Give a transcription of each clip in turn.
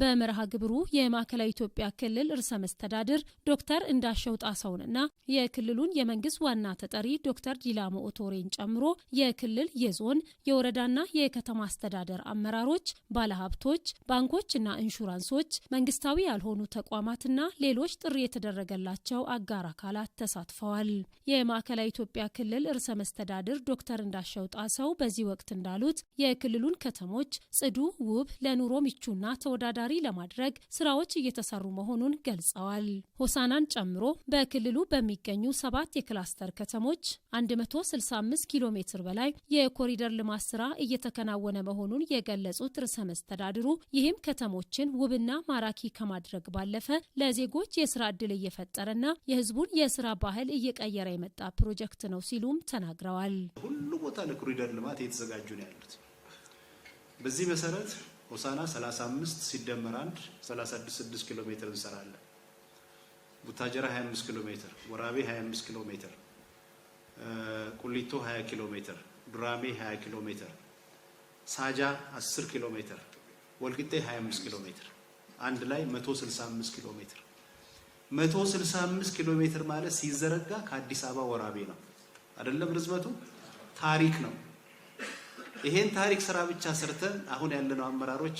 በመርሃ ግብሩ የማዕከላዊ ኢትዮጵያ ክልል ርዕሰ መስተዳድር ዶክተር እንዳሸው ጣሰውንና የክልሉን የመንግስት ዋና ተጠሪ ዶክተር ዲላሞ ኦቶሬን ጨምሮ የክልል የዞን የወረዳና የከተማ አስተዳደር አመራሮች፣ ባለሀብቶች፣ ባንኮችና ኢንሹራንሶች፣ መንግስታዊ ያልሆኑ ተቋማትና ሌሎች ጥሪ የተደረገላቸው አጋር አካላት ተሳትፈዋል። የማዕከላዊ ኢትዮጵያ ክልል ርዕሰ መስተዳድር ዶክተር እንዳሸው ጣሰው በዚህ ወቅት እንዳሉት የክልሉን ከተሞች ጽዱ፣ ውብ፣ ለኑሮ ምቹና ተወዳዳ ተወዳዳሪ ለማድረግ ስራዎች እየተሰሩ መሆኑን ገልጸዋል። ሆሳናን ጨምሮ በክልሉ በሚገኙ ሰባት የክላስተር ከተሞች 165 ኪሎ ሜትር በላይ የኮሪደር ልማት ስራ እየተከናወነ መሆኑን የገለጹት ርዕሰ መስተዳድሩ ይህም ከተሞችን ውብና ማራኪ ከማድረግ ባለፈ ለዜጎች የስራ እየፈጠረ እየፈጠረና የህዝቡን የስራ ባህል እየቀየረ የመጣ ፕሮጀክት ነው ሲሉም ተናግረዋል። ሁሉ ቦታ ለኮሪደር ልማት እየተዘጋጁ ነው ያሉት። በዚህ መሰረት ሆሳና 35 ሲደመር 1 36 ኪሎ ሜትር እንሰራለን። ቡታጀራ 25 ኪሎ ሜትር፣ ወራቤ 25 ኪሎ ሜትር፣ ቁሊቶ 20 ኪሎ ሜትር፣ ዱራሜ 20 ኪሎ ሜትር፣ ሳጃ 10 ኪሎ ሜትር፣ ወልቂጤ 25 ኪሎ ሜትር፣ አንድ ላይ 165 ኪሎ ሜትር። 165 ኪሎ ሜትር ማለት ሲዘረጋ ከአዲስ አበባ ወራቤ ነው አይደለም? ርዝመቱ ታሪክ ነው። ይሄን ታሪክ ስራ ብቻ ሰርተን አሁን ያለነው አመራሮች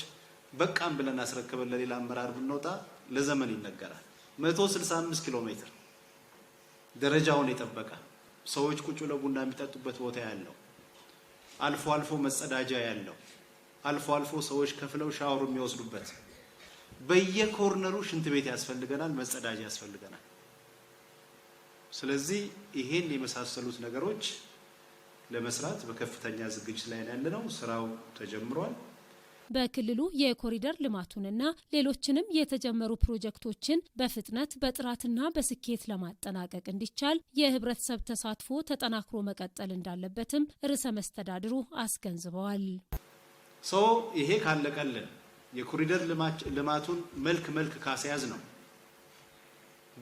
በቃም ብለን አስረክበን ለሌላ አመራር ብንወጣ ለዘመን ይነገራል። 165 ኪሎ ሜትር ደረጃውን የጠበቀ ሰዎች ቁጭ ብለው ቡና የሚጠጡበት ቦታ ያለው አልፎ አልፎ መጸዳጃ ያለው አልፎ አልፎ ሰዎች ከፍለው ሻወር የሚወስዱበት በየኮርነሩ ሽንት ቤት ያስፈልገናል፣ መጸዳጃ ያስፈልገናል። ስለዚህ ይሄን የመሳሰሉት ነገሮች ለመስራት በከፍተኛ ዝግጅት ላይ ያለ ነው። ስራው ተጀምሯል። በክልሉ የኮሪደር ልማቱንና ሌሎችንም የተጀመሩ ፕሮጀክቶችን በፍጥነት በጥራትና በስኬት ለማጠናቀቅ እንዲቻል የህብረተሰብ ተሳትፎ ተጠናክሮ መቀጠል እንዳለበትም ርዕሰ መስተዳድሩ አስገንዝበዋል። ሶ ይሄ ካለቀልን የኮሪደር ልማቱን መልክ መልክ ካስያዝ ነው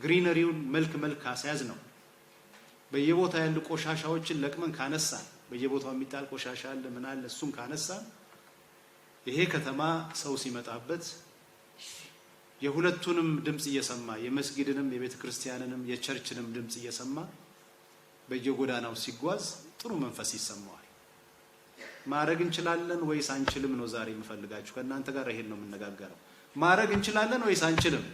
ግሪነሪውን መልክ መልክ ካስያዝ ነው በየቦታ ያሉ ቆሻሻዎችን ለቅመን ካነሳን፣ በየቦታው የሚጣል ቆሻሻ አለ፣ ምን አለ፣ እሱን ካነሳን ይሄ ከተማ ሰው ሲመጣበት የሁለቱንም ድምፅ እየሰማ የመስጊድንም፣ የቤተ ክርስቲያንንም፣ የቸርችንም ድምፅ እየሰማ በየጎዳናው ሲጓዝ ጥሩ መንፈስ ይሰማዋል። ማድረግ እንችላለን ወይስ አንችልም ነው ዛሬ የምፈልጋችሁ። ከእናንተ ጋር ይሄን ነው የምነጋገረው። ማድረግ እንችላለን ወይስ አንችልም?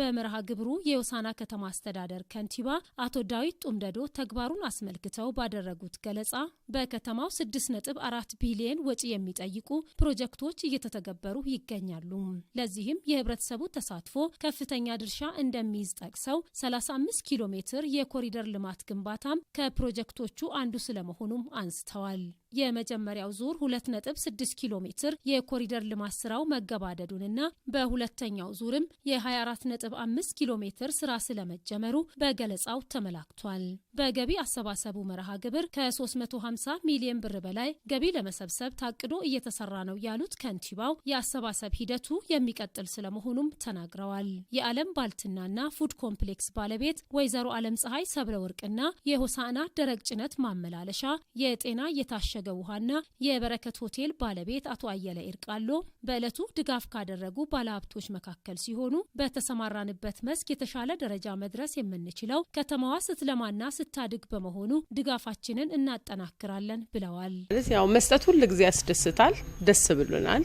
በመርሃ ግብሩ የሆሳና ከተማ አስተዳደር ከንቲባ አቶ ዳዊት ጡምደዶ ተግባሩን አስመልክተው ባደረጉት ገለጻ በከተማው 6.4 ቢሊየን ወጪ የሚጠይቁ ፕሮጀክቶች እየተተገበሩ ይገኛሉ። ለዚህም የህብረተሰቡ ተሳትፎ ከፍተኛ ድርሻ እንደሚይዝ ጠቅሰው 35 ኪሎ ሜትር የኮሪደር ልማት ግንባታም ከፕሮጀክቶቹ አንዱ ስለመሆኑም አንስተዋል። የመጀመሪያው ዙር 2.6 ኪሎ ሜትር የኮሪደር ልማት ስራው መገባደዱንና በሁለተኛው ዙርም የ24.5 ኪሎ ሜትር ስራ ስለመጀመሩ በገለጻው ተመላክቷል። በገቢ አሰባሰቡ መርሃ ግብር ከ350 ሚሊዮን ብር በላይ ገቢ ለመሰብሰብ ታቅዶ እየተሰራ ነው ያሉት ከንቲባው የአሰባሰብ ሂደቱ የሚቀጥል ስለመሆኑም ተናግረዋል። የዓለም ባልትናና ፉድ ኮምፕሌክስ ባለቤት ወይዘሮ ዓለም ፀሐይ ሰብረ ወርቅና የሆሳዕና ደረቅ ጭነት ማመላለሻ የጤና የታሸ የታሸገ ውሃና የበረከት ሆቴል ባለቤት አቶ አየለ ኤርቃሎ በዕለቱ ድጋፍ ካደረጉ ባለሀብቶች መካከል ሲሆኑ በተሰማራንበት መስክ የተሻለ ደረጃ መድረስ የምንችለው ከተማዋ ስትለማና ስታድግ በመሆኑ ድጋፋችንን እናጠናክራለን ብለዋል። ያው መስጠት ሁል ጊዜ ያስደስታል፣ ደስ ብሎናል።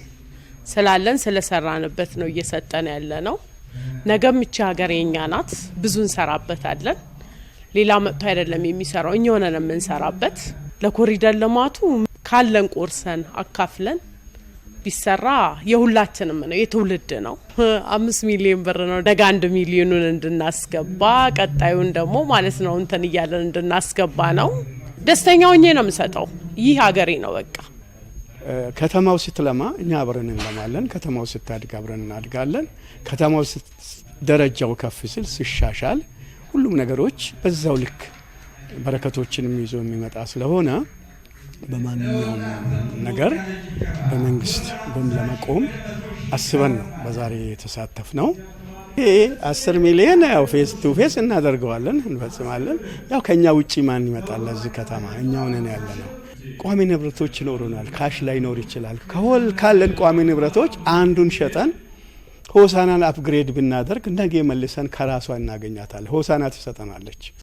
ስላለን ስለሰራንበት ነው እየሰጠን ያለ ነው። ነገም እቺ ሀገር የኛ ናት፣ ብዙ እንሰራበታለን። ሌላ መጥቶ አይደለም የሚሰራው፣ እኛ ሆነን የምንሰራበት ለኮሪደር ልማቱ ካለን ቆርሰን አካፍለን ቢሰራ የሁላችንም ነው፣ የትውልድ ነው። አምስት ሚሊዮን ብር ነው። ነገ አንድ ሚሊዮኑን እንድናስገባ ቀጣዩን ደግሞ ማለት ነው እንትን እያለን እንድናስገባ ነው። ደስተኛ ሆኜ ነው የምሰጠው። ይህ ሀገሬ ነው። በቃ ከተማው ስትለማ እኛ አብረን እንለማለን። ከተማው ስታድግ አብረን እናድጋለን። ከተማው ደረጃው ከፍ ሲል ሲሻሻል፣ ሁሉም ነገሮች በዛው ልክ በረከቶችንም ይዞ የሚመጣ ስለሆነ በማንኛውም ነገር በመንግስት ለመቆም አስበን ነው በዛሬ የተሳተፍ ነው። ይሄ አስር ሚሊየን ያው ፌስ ቱ ፌስ እናደርገዋለን፣ እንፈጽማለን። ያው ከእኛ ውጭ ማን ይመጣል ለዚህ ከተማ? እኛው ነን ያለ ነው። ቋሚ ንብረቶች ይኖሩናል፣ ካሽ ላይ ይኖር ይችላል። ከሆል ካለን ቋሚ ንብረቶች አንዱን ሸጠን ሆሳናን አፕግሬድ ብናደርግ ነገ መልሰን ከራሷ እናገኛታለን። ሆሳና ትሰጠናለች።